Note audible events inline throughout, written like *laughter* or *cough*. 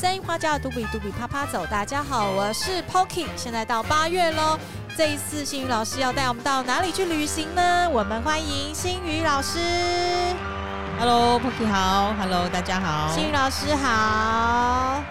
聲音花家的度比度比趴趴走，大家好，我是 Poki，現在到八月嘍。這一次星羽老師要帶我們到哪裡去旅行呢？我們歡迎星羽老師。Hello，Poki 好，Hello，大家好，星羽老師好。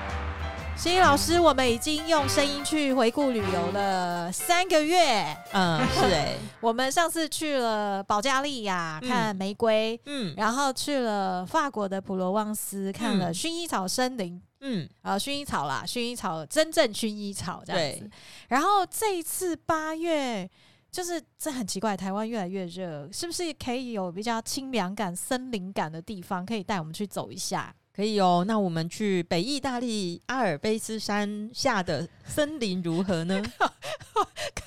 星羽老師，我們已經用聲音去回顧旅遊了三個月。嗯，是哎、欸， *laughs* 我們上次去了保加利亞看玫瑰，嗯，嗯，然後去了法國的普羅旺斯，看了薰衣草森林。嗯 *laughs* 嗯，啊，薰衣草啦，薰衣草，真正薰衣草這樣子。對。然後這一次八月，就是這很奇怪，台灣越來越熱，是不是可以有比較清涼感、森林感的地方，可以帶我們去走一下？可以哦，那我們去北意大利阿爾卑斯山下的森林如何呢？ *laughs*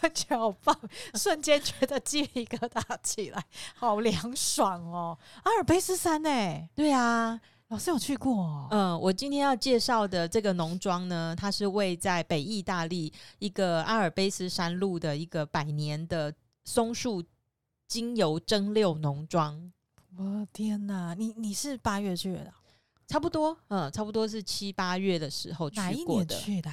感覺好棒，瞬間覺得雞皮疙瘩起來，好涼爽哦！阿爾卑斯山呢、欸？對啊。老、哦、師有去過？哦，嗯，我今天要介紹的這個農莊呢，它是位在北意大利一個阿爾卑斯山麓的一個百年的松樹精油蒸餾農莊。我的天哪，你你是八月去的？差不多，嗯，差不多是七八月的時候去，過去的？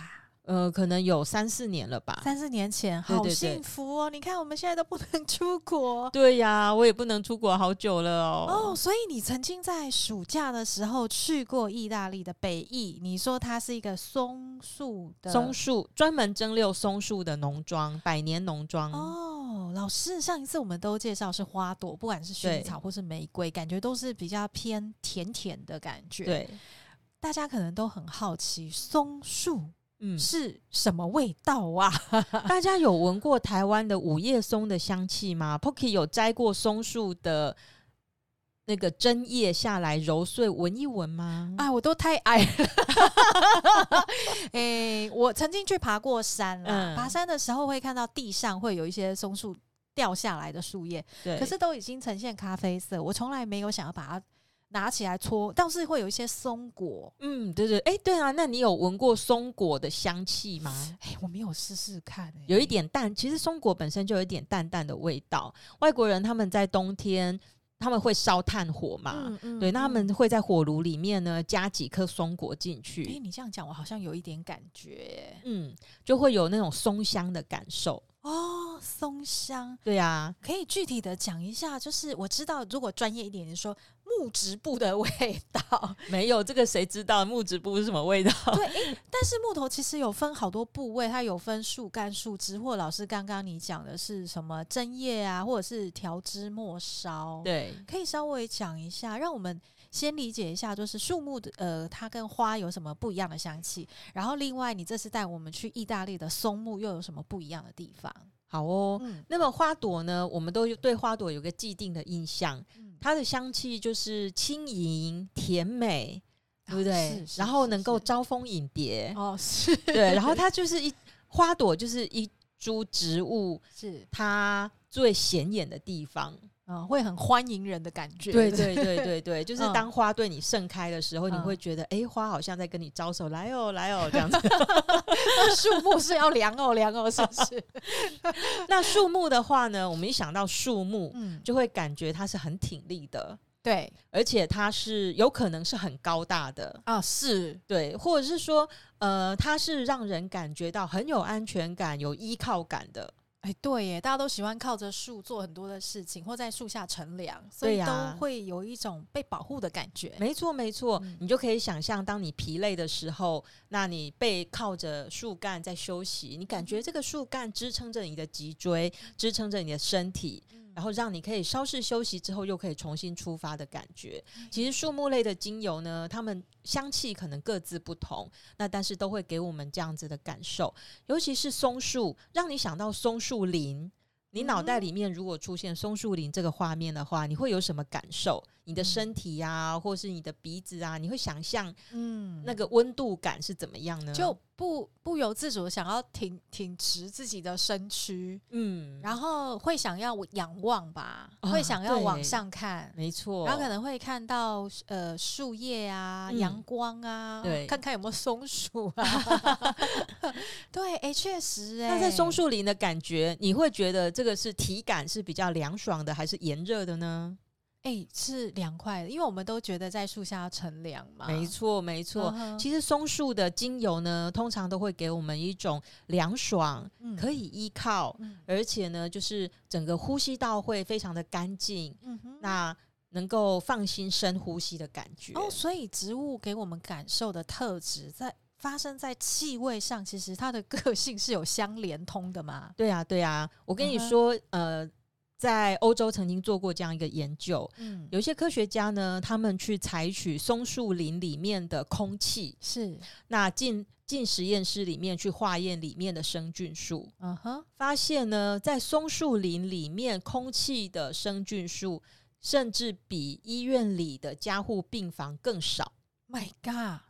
呃，可能有三四年了吧。三四年前，好幸福哦！對對對，你看我們現在都不能出國。對呀，啊，我也不能出國好久了哦。哦，所以你曾經在暑假的時候去過意大利的北意，你說它是一個松樹的松樹專門蒸餾松樹的農莊，百年農莊。哦，老師，上一次我們都介紹是花朵，不管是薰衣草或是玫瑰，感覺都是比較偏甜甜的感覺。對，大家可能都很好奇松樹。嗯，是什麼味道啊？ *laughs* 大家有聞過台灣的五葉松的香氣嗎？Poki 有摘過松樹的那個針葉下來揉碎聞一聞嗎？啊，我都太矮了。 *laughs* 哎、 *laughs* 欸，我曾經去爬過山啦、嗯，爬山的時候會看到地上會有一些松樹掉下來的樹葉，可是都已經呈現咖啡色，我從來沒有想要把它。拿起來搓，倒是會有一些松果。嗯，對對，哎、欸，對啊，那你有聞過松果的香氣嗎？哎、欸，我沒有試試看、欸，有一點淡。其實松果本身就有一點淡淡的味道。外國人他們在冬天他們會燒炭火嘛，嗯嗯嗯，對，那他們會在火爐裡面呢加幾顆松果進去。哎、欸，你這樣講，我好像有一點感覺。嗯，就會有那種松香的感受。哦，松香，對啊，可以具體的講一下。就是我知道，如果專業一點的說。木質部的味道沒有，這個誰知道木質部是什麼味道？ *laughs* 對，但是木頭其實有分好多部位，它有分樹幹、樹枝，或者老師剛剛你講的是什麼針葉啊，或者是調枝末梢？對，可以稍微講一下，讓我們先理解一下，就是樹木的呃，它跟花有什麼不一樣的香氣？然後另外，你這次帶我們去意大利的松木又有什麼不一樣的地方？好哦、嗯，那麼花朵呢？我們都有對花朵有個既定的印象，它的香氣就是輕盈甜美、啊，對不對？然後能夠招蜂引蝶哦，是，對是，然後它就是一花朵，就是一株植物，是它最顯眼的地方。嗯，會很歡迎人的感覺。對對對對對，就是當花對你盛開的時候，嗯、你會覺得，哎，花好像在跟你招手、嗯，來哦，來哦，這樣子。那 *laughs* 樹 *laughs* 木是要涼哦， *laughs* 涼哦，是不是？ *laughs* 那樹木的話呢，我們一想到樹木，嗯，就會感覺它是很挺立的，對，而且它是有可能是很高大的啊，是，對，或者是說，呃，它是讓人感覺到很有安全感、有依靠感的。哎，對耶，大家都喜歡靠着樹做很多的事情，或在樹下乘涼，所以都會有一種被保護的感覺。啊、沒錯，沒錯、嗯，你就可以想象，當你疲累的時候，那你背靠着樹幹在休息，你感覺這個樹幹支撐着你的脊椎，支撐着你的身體。嗯然後讓你可以稍事休息之後又可以重新出發的感覺。其實樹木類的精油呢，它們香氣可能各自不同，那但是都會給我們這樣子的感受。尤其是松樹，讓你想到松樹林。你腦袋裡面如果出現松樹林這個畫面的話，你會有什麼感受？你的身體啊、嗯，或是你的鼻子啊，你會想象，嗯，那個溫度感是怎麼樣呢？就不不由自主的想要挺挺直自己的身軀，嗯，然後會想要仰望吧、啊，會想要往上看，沒錯。然後可能會看到呃樹葉啊，嗯、陽光啊，看看有沒有松鼠啊。 *laughs* *laughs* 對，哎，確實、欸。那在松樹林的感覺，你會覺得這個是體感是比較涼爽的，還是炎熱的呢？是涼快的。因為我們都覺得在樹下要乘涼嘛。沒錯，沒錯、嗯。其實松樹的精油呢，通常都會給我們一種涼爽，嗯、可以依靠、嗯，而且呢，就是整個呼吸道會非常的乾淨、嗯。那能夠放心深呼吸的感覺。哦，所以植物給我們感受的特質在，在發生在氣味上，其實它的個性是有相連通的嘛。對啊，對啊，我跟你說，嗯、呃。在歐洲曾經做過這樣一個研究，嗯，有些科學家呢，他們去採取松樹林裡面的空氣，是。那進進實驗室裡面去化驗裡面的生菌數，uh-huh，發現呢，在松樹林裡面空氣的生菌數，甚至比醫院裡的加護病房更少。My God！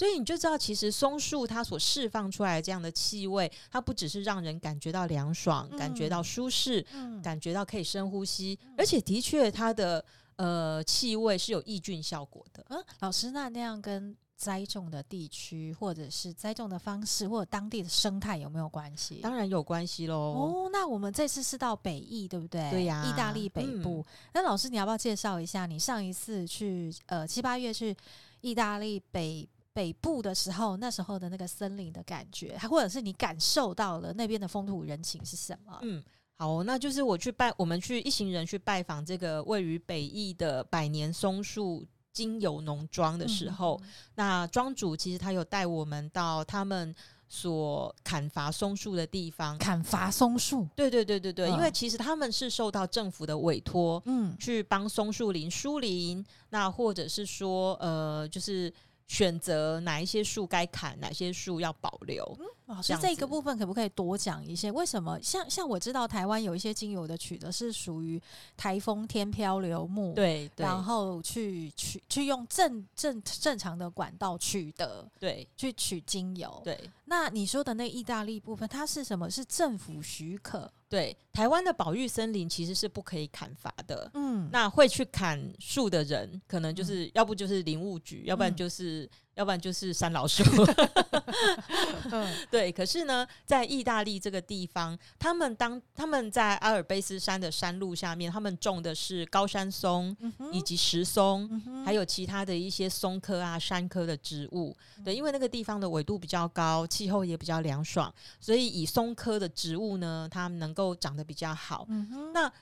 所以你就知道，其實松樹它所釋放出來的這樣的氣味，它不只是讓人感覺到涼爽、嗯、感覺到舒適、嗯、感覺到可以深呼吸，嗯、而且的確它的呃氣味是有抑菌效果的。嗯，老師，那那樣跟栽種的地區或者，的或者是栽種的方式，或者當地的生態有沒有關係？當然有關係嘍。哦，那我們這次是到北義，對不對？對呀、啊，意大利北部、嗯。那老師，你要不要介紹一下？你上一次去呃七八月去意大利北？北部的時候，那時候的那個森林的感覺，還或者是你感受到了那邊的風土人情是什麼？嗯，好、哦，那就是我去拜，我們去一行人去拜訪這個位於北義的百年松樹精油農莊的時候、嗯，那莊主其實他有帶我們到他們所砍伐松樹的地方，砍伐松樹。對對對對對，嗯、因為其實他們是受到政府的委託，嗯，去幫松樹林疏林，那或者是說，呃，就是。選擇哪一些樹該砍，哪些樹要保留。哦，是這，這個部分可不可以多講一些？為什麼像像我知道台灣有一些精油的取得是屬於台風天漂流木，對，對，然後去取去用正正正常的管道取得，對，去取精油。對，那你說的那意大利部分，它是什麼？是政府許可？對，台灣的保育森林其實是不可以砍伐的。嗯，那會去砍樹的人，可能就是，嗯，要不就是林務局，嗯，要不然就是。要不然就是山老鼠。 *laughs* *laughs* okay. 對。可是呢，在意大利這個地方，他們當他們在阿爾卑斯山的山麓下面，他們種的是高山松以及石松，mm -hmm. 還有其他的一些松科啊、杉科的植物。對，因為那個地方的緯度比較高，氣候也比較涼爽，所以以松科的植物呢，它能夠長得比較好。Mm -hmm. 那。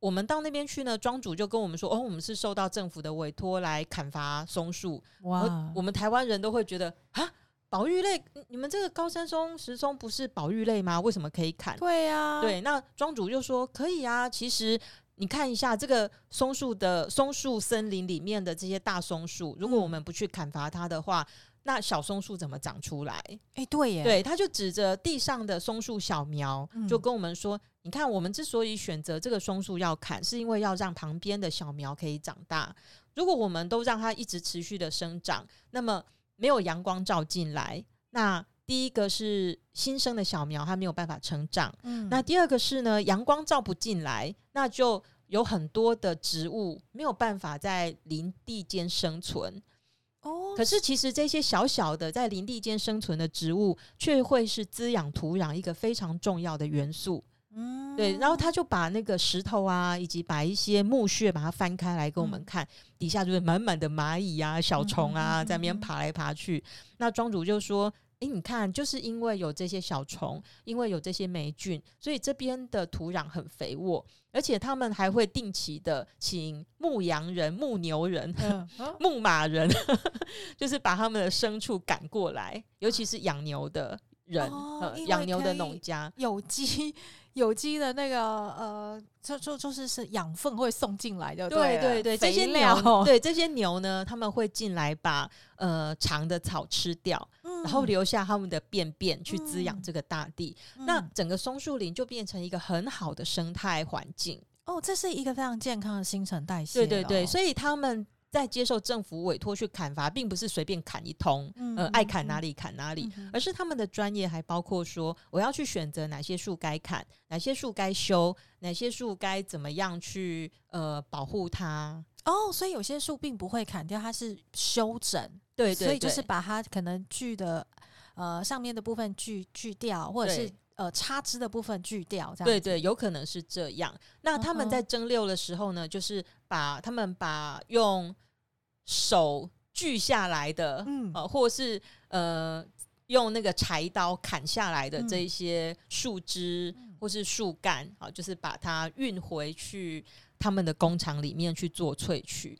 我們到那邊去呢，莊主就跟我們說：“哦，我們是受到政府的委托來砍伐松樹。”哇，我們台灣人都會覺得啊，保育類，你們這個高山松、石松不是保育類嗎？為什麼可以砍？對呀、啊，對，那莊主就說可以啊。其實你看一下這個松樹的松樹森林裡面的這些大松樹，如果我們不去砍伐它的話。嗯那小松樹怎麼長出來？誒、欸，對耶，對，他就指着地上的松樹小苗、嗯，就跟我們說：“你看，我們之所以選擇這個松樹要砍，是因為要讓旁邊的小苗可以長大。如果我們都讓它一直持續的生長，那麼沒有陽光照進來，那第一個是新生的小苗它沒有辦法成長。嗯、那第二個是呢，陽光照不進來，那就有很多的植物沒有辦法在林地間生存。”可是其實這些小小的在林地間生存的植物，卻會是滋養土壤一個非常重要的元素。對。然後他就把那個石頭啊，以及把一些木屑把它翻開來給我們看，底下就是滿滿的螞蟻啊、小蟲啊，在那邊爬來爬去。那莊主就說。哎，你看，就是因為有這些小蟲，因為有這些黴菌，所以這邊的土壤很肥沃，而且他們還會定期的請牧羊人、牧牛人、嗯啊、牧馬人呵呵，就是把他們的牲畜趕過來，尤其是養牛的人、哦嗯、養牛的農家，有機、有機的那個呃，就就就是是養分會送進來的，對對對，肥料，對這些牛呢，他們會進來把呃長的草吃掉。然後留下他們的便便去滋養這個大地，嗯，那整個松樹林就變成一個很好的生態環境哦。這是一個非常健康的新陳代謝哦。對對對，所以他們在接受政府委托去砍伐，並不是隨便砍一通，嗯，呃，愛砍哪裡砍哪裡，嗯，而是他們的專業還包括說，我要去選擇哪些樹該砍，哪些樹該修，哪些樹該怎麼樣去呃保護它。哦、oh，所以有些樹並不會砍掉，它是修整，對，對，所以就是把它可能鋸的呃上面的部分鋸鋸掉，或者是呃插枝的部分鋸掉，這樣子對，對對，有可能是這樣。那他們在蒸餾的時候呢，uh -huh. 就是把他們把用手鋸下來的，嗯，呃、或是呃用那個柴刀砍下來的這一些樹枝、嗯、或是樹幹，啊、呃，就是把它運回去。他們的工廠裡面去做萃取，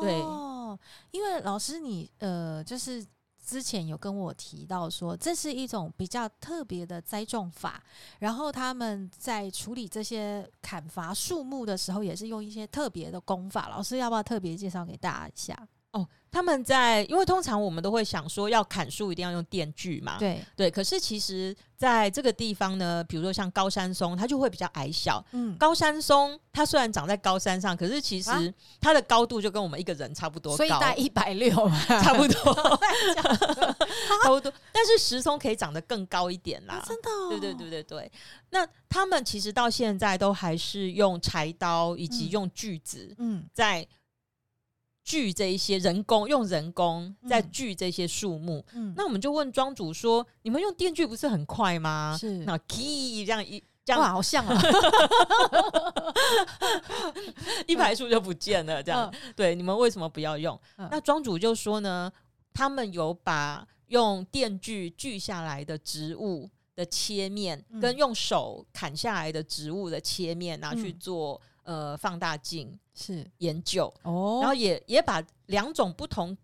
對，哦，因為老師你呃，就是之前有跟我提到說，這是一種比較特別的栽種法，然後他們在處理這些砍伐樹木的時候，也是用一些特別的工法。老師要不要特別介紹給大家一下？他們在，因為通常我們都會想說要砍樹一定要用電鋸嘛，對對。可是其實在這個地方呢，比如說像高山松，它就會比較矮小。嗯、高山松它雖然長在高山上，可是其實、啊、它的高度就跟我們一個人差不多高，所以大一百六差不多，差不多。 *laughs* *laughs* 不多 *laughs* 但是石松可以長得更高一點啦，啊、真的、哦。對,對對對對對。那他們其實到現在都還是用柴刀以及用鋸子、嗯，在。鋸這一些人工用人工在鋸這些樹木，嗯，那我們就問莊主說，嗯：“你們用電鋸不是很快嗎？”是，那 key 這樣一這樣哇，好像啊， *laughs* *laughs* 一排樹就不見了，這樣、啊、對。你們為什麼不要用？啊、那莊主就說呢，他們有把用電鋸鋸下來的植物的切面、嗯，跟用手砍下來的植物的切面拿去做、嗯、呃放大鏡。是研究，然後也也把兩種不同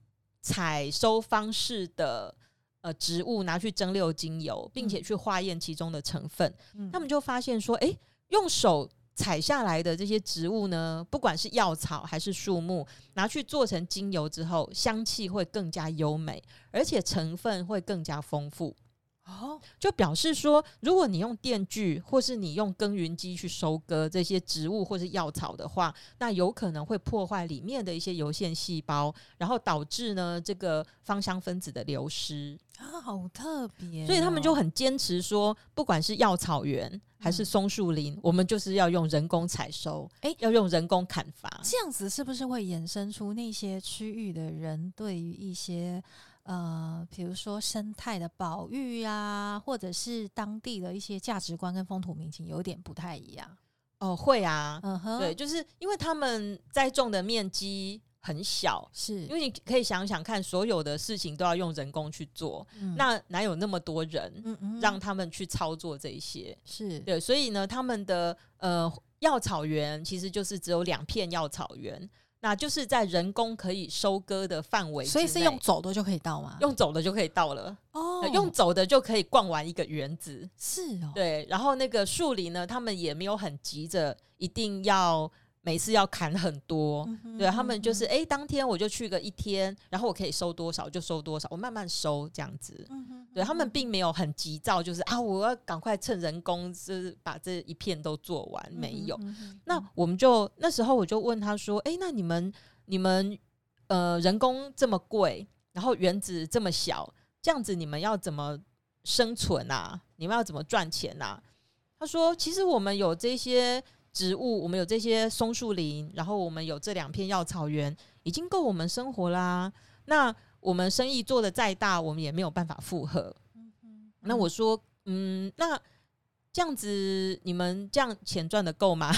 採收方式的呃植物拿去蒸餾精油，並且去化驗其中的成分。嗯。他們就發現說，哎、欸，用手採下來的這些植物呢，不管是藥草還是樹木，拿去做成精油之後，香氣會更加優美，而且成分會更加豐富。哦，就表示說，如果你用電鋸或是你用耕耘機去收割這些植物或是藥草的話，那有可能會破壞裡面的一些油腺細胞，然後導致呢這個芳香分子的流失。啊，好特別、哦！所以他們就很堅持說，不管是藥草園還是松樹林、嗯，我們就是要用人工採收，哎、嗯，要用人工砍伐。這樣子是不是會衍生出那些區域的人對於一些？呃，比如說生態的保育呀、啊，或者是當地的一些價值觀跟風土民情有點不太一樣哦，會啊，uh-huh. 對，就是因為他們栽種的面積很小，是因為你可以想想看，所有的事情都要用人工去做，嗯、那哪有那麼多人，嗯嗯，讓他們去操作這些，是、嗯嗯、對，所以呢，他們的呃藥草園其實就是只有兩片藥草園。那就是在人工可以收割的範圍，所以是用走的就可以到嗎？用走的就可以到了哦，用走的就可以逛完一個園子，是哦。對，然後那個樹林呢，他們也沒有很急着一定要。每次要砍很多，嗯、對他們就是哎、嗯，當天我就去個一天，然後我可以收多少就收多少，我慢慢收這樣子。嗯、對他們並沒有很急躁，就是、嗯、啊，我要趕快趁人工就是把這一片都做完，嗯、沒有、嗯。那我們就那時候我就問他說：“哎，那你們你們呃人工這麼貴，然後園子這麼小，這樣子你們要怎麼生存啊？你們要怎麼賺錢啊？”他說：“其實我們有這些。”植物，我們有這些松樹林，然後我們有這兩片藥草園，已經夠我們生活啦。那我們生意做得再大，我們也沒有辦法負荷。嗯哼嗯、那我說，嗯，那這樣子，你們這樣錢賺得夠嗎？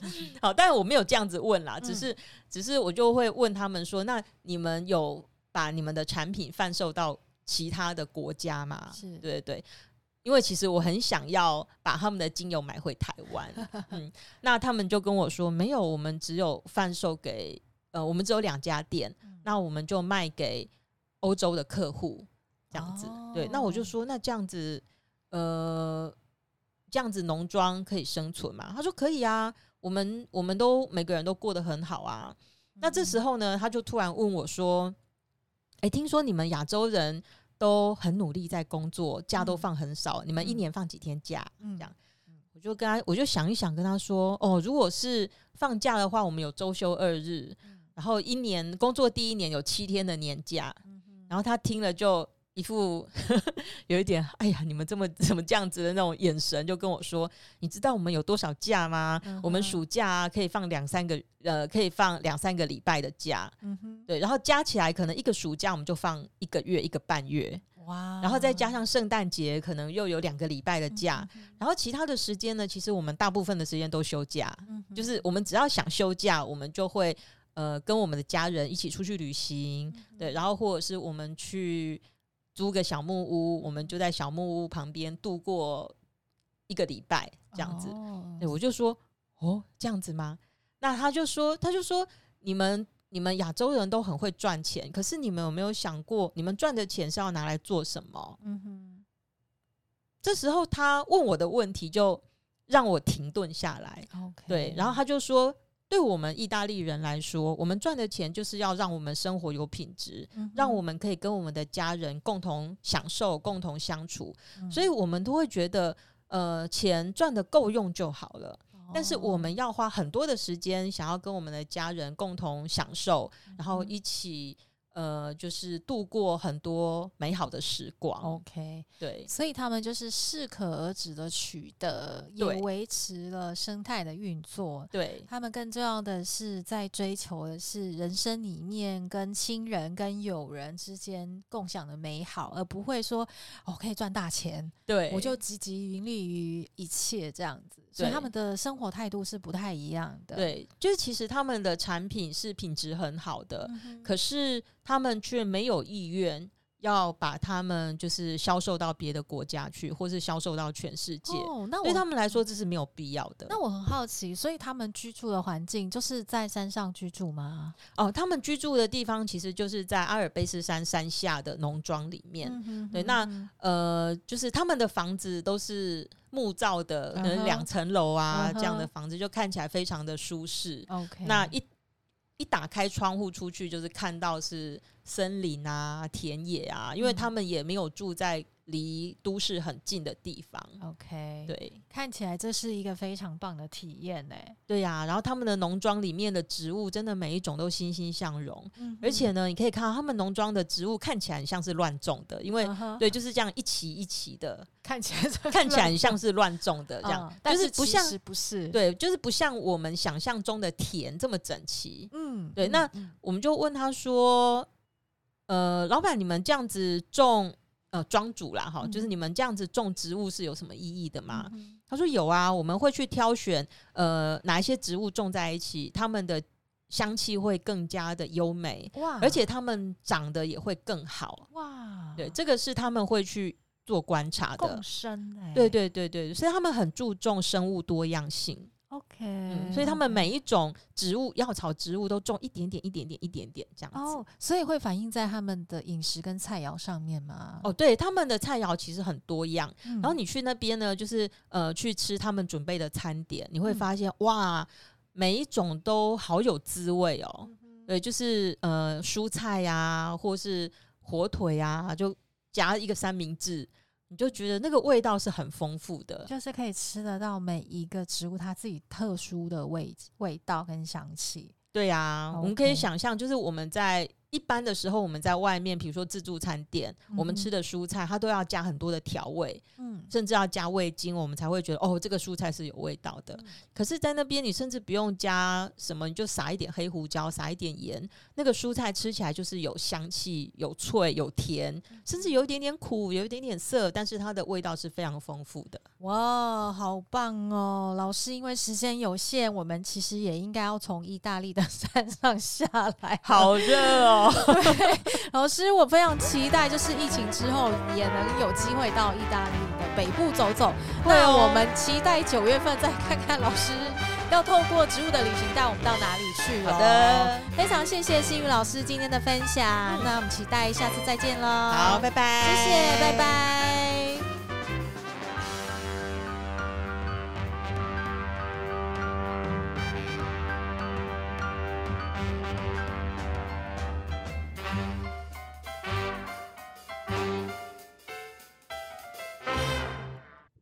嗯、是是 *laughs* 好，但我沒有這樣子問啦，只是、嗯，只是我就會問他們說，那你們有把你們的產品販售到其他的國家嗎？對對對。因為其實我很想要把他們的精油買回台灣、 *laughs* 嗯，那他們就跟我說沒有，我們只有販售給呃，我們只有兩家店、嗯，那我們就賣給歐洲的客戶這樣子，哦。對，那我就說那這樣子，呃，這樣子農莊可以生存嗎？他說可以啊，我們我們都每個人都過得很好啊，嗯。那這時候呢，他就突然問我說，哎，欸，聽說你們亞洲人？都很努力在工作，假都放很少。嗯、你們一年放幾天假、嗯？這樣，我就跟他，我就想一想，跟他說，哦，如果是放假的話，我們有周休二日、嗯，然後一年工作第一年有七天的年假，嗯、然後他聽了就。一副 *laughs* 有一點，哎呀，你們這麼怎麼這樣子的那種眼神，就跟我說，你知道我們有多少假嗎？嗯、我們暑假可以放兩三個，呃，可以放兩三個禮拜的假，嗯哼，對，然後加起來可能一個暑假我們就放一個月一個半月，哇，然後再加上聖誕節可能又有兩個禮拜的假、嗯，然後其他的時間呢，其實我們大部分的時間都休假、嗯，就是我們只要想休假，我們就會呃跟我們的家人一起出去旅行，嗯、對，然後或者是我們去。租個小木屋，我們就在小木屋旁邊度過一個禮拜，這樣子。Oh. 我就說，哦，這樣子嗎？那他就說，他就說，你們你們亞洲人都很會賺錢，可是你們有沒有想過，你們賺的錢是要拿來做什麼？Mm-hmm. 這時候他問我的問題，就讓我停頓下來。Okay. 對，然後他就說。對我們意大利人來說，我們賺的錢就是要讓我們生活有品質，嗯、讓我們可以跟我們的家人共同享受、共同相處，嗯、所以我們都會覺得，呃，錢賺的夠用就好了。哦、但是我們要花很多的時間，想要跟我們的家人共同享受，嗯、然後一起。呃，就是度過很多美好的時光。OK，對，所以他們就是適可而止的取得，也維持了生態的運作。對，他們更重要的是，在追求的是人生裡面跟親人、跟友人之間共享的美好，而不會說我、哦、可以賺大錢，對我就積極盈利於一切這樣子。所以他們的生活態度是不太一樣的。對，就是其實他們的產品是品質很好的，嗯，可是他們卻沒有意願。要把他們就是銷售到別的國家去，或是銷售到全世界。哦，那對他們來說這是沒有必要的。那我很好奇，所以他們居住的環境就是在山上居住嗎？哦，他們居住的地方其實就是在阿爾卑斯山山下的農莊裡面。嗯、對，嗯、那呃，就是他們的房子都是木造的，可能兩層樓啊這樣的房子就看起來非常的舒適。OK，嗯，那一。一打開窗戶出去，就是看到是森林啊、田野啊，因為他們也沒有住在。離都市很近的地方，OK，對，看起來這是一個非常棒的體驗呢。對呀、啊，然後他們的農莊裡面的植物真的每一種都欣欣向榮、嗯，而且呢，你可以看到他們農莊的植物看起來很像是亂種的，因為、啊、對，就是這樣一畦一畦的，看起來看起來很像是亂種的這樣、哦，但是其實不是、就是不，對，就是不像我們想象中的田這麼整齊。嗯，對嗯嗯，那我們就問他說，呃，老板，你們這樣子種？呃，莊主啦，哈、嗯，就是你們這樣子種植物是有什麼意義的嗎？嗯、他說有啊，我們會去挑選呃哪一些植物種在一起，它們的香氣會更加的優美，哇，而且它們長得也會更好，哇，對，這個是他們會去做觀察的共生、欸，哎，對對對對，所以他們很注重生物多樣性。OK，、嗯、所以他們每一種植物、藥草植物都種一點點、一點點、一點點這樣子，oh, 所以會反映在他們的飲食跟菜餚上面嗎？哦，對，他們的菜餚其實很多樣，嗯、然後你去那邊呢，就是呃，去吃他們準備的餐點，你會發現、嗯、哇，每一種都好有滋味哦、喔嗯。對，就是呃，蔬菜呀、啊，或是火腿呀、啊，就夾一個三明治。你就覺得那個味道是很豐富的，就是可以吃得到每一個植物它自己特殊的味味道跟香氣。對啊，okay. 我們可以想象，就是我們在。一般的時候，我們在外面，比如說自助餐店，嗯、我們吃的蔬菜，它都要加很多的調味，嗯，甚至要加味精，我們才會覺得哦，這個蔬菜是有味道的。嗯、可是，在那邊，你甚至不用加什麼，你就撒一點黑胡椒，撒一點鹽，那個蔬菜吃起來就是有香氣、有脆、有甜，嗯、甚至有一點點苦，有一點點澀，但是它的味道是非常豐富的。哇，好棒哦，老師！因為時間有限，我們其實也應該要從意大利的山上下來，好熱哦。 *laughs* *laughs* *laughs* 老師，我非常期待，就是疫情之後也能有機會到意大利的北部走走。對哦，那我們期待九月份再看看老師要透過植物的旅行帶我們到哪裡去？好。好的，非常謝謝星羽老師今天的分享，嗯，那我們期待下次再見嘍。好，拜拜，謝謝，拜拜。